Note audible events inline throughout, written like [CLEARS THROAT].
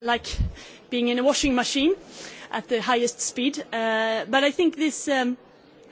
like being in a washing machine at the highest speed. Uh, but I think this, um,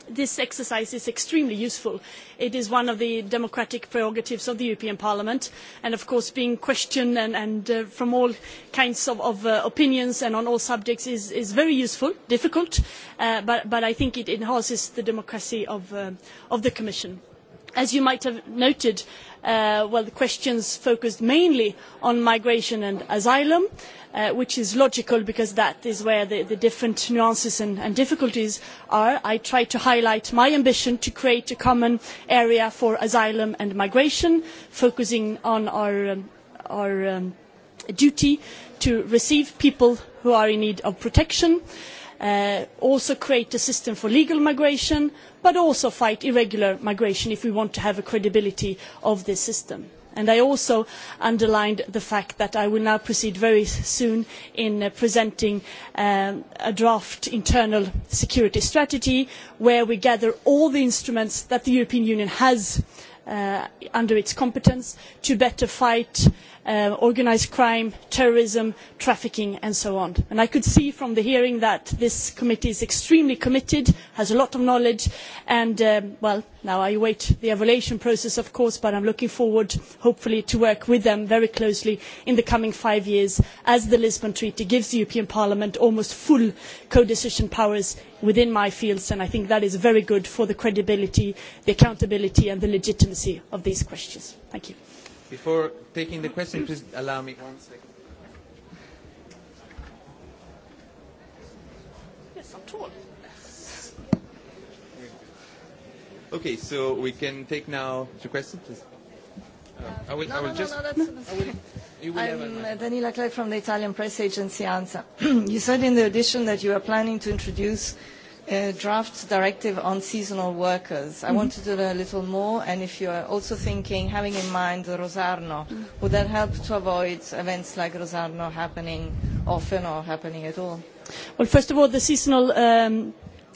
this exercise is extremely useful. It is one of the democratic prerogatives of the European Parliament, and of course being questioned and, and uh, from all kinds of, of uh, opinions and on all subjects is, is very useful, difficult, uh, but, but I think it enhances the democracy of, uh, of the Commission. Uh, as you might have noted uh, well, the questions focused mainly on migration and asylum uh, which is logical because that is where the, the different nuances and, and difficulties are. i tried to highlight my ambition to create a common area for asylum and migration focusing on our, um, our um, duty to receive people who are in need of protection and uh, also create a system for legal migration but also fight irregular migration if we want to have credibility of this system. And i also underlined the fact that i will now proceed very soon in uh, presenting um, a draft internal security strategy where we gather all the instruments that the european union has uh, uh, under its competence to better fight uh, organised crime, terrorism, trafficking and so on. And I could see from the hearing that this committee is extremely committed, has a lot of knowledge and, um, well, now I await the evaluation process of course, but I'm looking forward hopefully to work with them very closely in the coming five years as the Lisbon Treaty gives the European Parliament almost full co-decision powers within my fields, and I think that is very good for the credibility, the accountability, and the legitimacy of these questions. Thank you. Before taking the question, please allow me one second. Yes, I'm tall. Okay, so we can take now the question, please. Uh, I will. No, I will no, just. No, no, that's, that's I will. I'm uh, Daniela Clerc from the Italian press agency ANSA. [CLEARS THROAT] you said in the audition that you are planning to introduce a uh, draft directive on seasonal workers. Mm -hmm. I mm-hmm. wanted to know a little more, and if you are also thinking, having in mind Rosarno, mm -hmm. would that help to avoid events like Rosarno happening often or happening at all? Well, first of all, the seasonal um,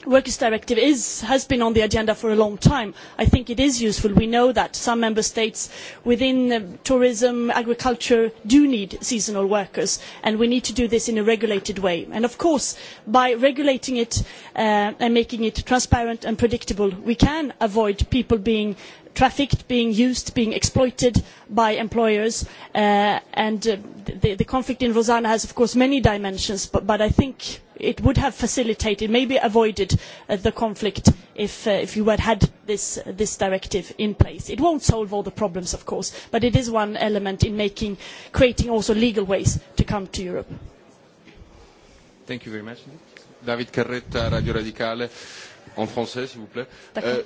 workers directive is, has been on the agenda for a long time. i think it is useful. we know that some member states within uh, tourism and agriculture do need seasonal workers and we need to do this in a regulated way. and of course by regulating it uh, and making it transparent and predictable we can avoid people being trafficked being used being exploited by employers uh, and uh, the, the conflict in rosanna has of course many dimensions but, but i think it would have facilitated maybe avoided uh, the conflict if, uh, if you had had this, uh, this directive in place. it will not solve all the problems of course but it is one element in making, creating also legal ways to come to europe. thank you very much. david carretta radio radicale en français s'il vous plaît. Euh,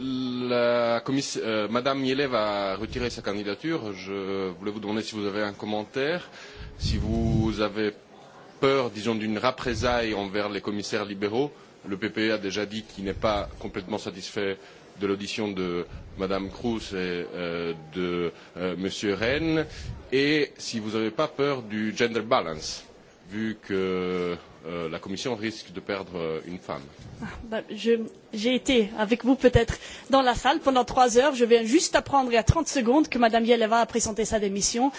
La commission, euh, Madame Yelev a retiré sa candidature. Je voulais vous demander si vous avez un commentaire, si vous avez peur, disons, d'une représaille envers les commissaires libéraux. Le PPE a déjà dit qu'il n'est pas complètement satisfait de l'audition de Madame Cruz et euh, de euh, Monsieur Rennes, et si vous n'avez pas peur du gender balance, vu que euh, la Commission risque de perdre euh, une femme. Ah, ben, J'ai été avec vous peut-être dans la salle pendant trois heures. Je viens juste apprendre il y a 30 secondes que Mme Yeleva a présenté sa démission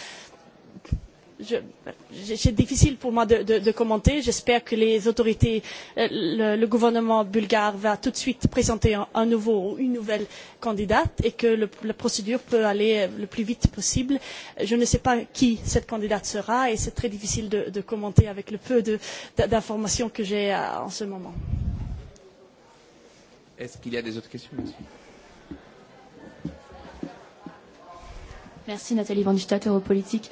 c'est difficile pour moi de, de, de commenter. J'espère que les autorités, euh, le, le gouvernement bulgare va tout de suite présenter un, un nouveau ou une nouvelle candidate et que le, la procédure peut aller euh, le plus vite possible. Je ne sais pas qui cette candidate sera et c'est très difficile de, de commenter avec le peu d'informations que j'ai euh, en ce moment. Est-ce qu'il y a des autres questions Merci. Merci Nathalie Vandita, Europolitique.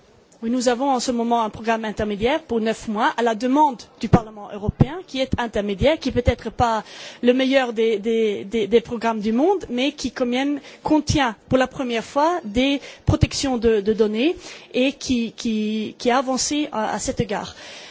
nous avons en ce moment un programme intermédiaire pour neuf mois à la demande du parlement européen qui est intermédiaire qui peut être pas le meilleur des, des, des, des programmes du monde mais qui quand même contient pour la première fois des protections de, de données et qui, qui, qui a avancé à, à cet égard. Euh,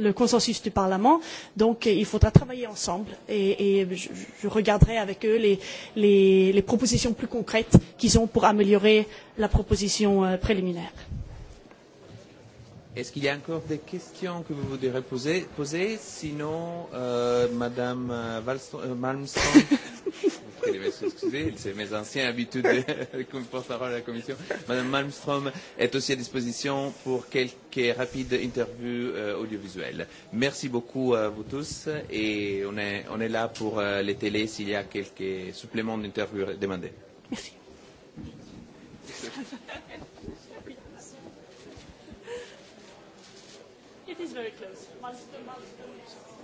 le consensus du Parlement. Donc il faudra travailler ensemble et, et je, je regarderai avec eux les, les, les propositions plus concrètes qu'ils ont pour améliorer la proposition euh, préliminaire. Est-ce qu'il y a encore des questions que vous voudrez poser, poser Sinon, euh, Madame Valston, euh, euh, Malmström prie les messieurs, excusez, c'est mes anciennes habitudes [LAUGHS] comme porte-parole de la Commission. Madame Malmström est aussi à disposition pour quelques rapides interviews euh, audiovisuelles. Merci beaucoup à vous tous et on est, on est là pour euh, les télés s'il y a quelques suppléments d'interviews demandés. Merci. It is very close. Monster, monster.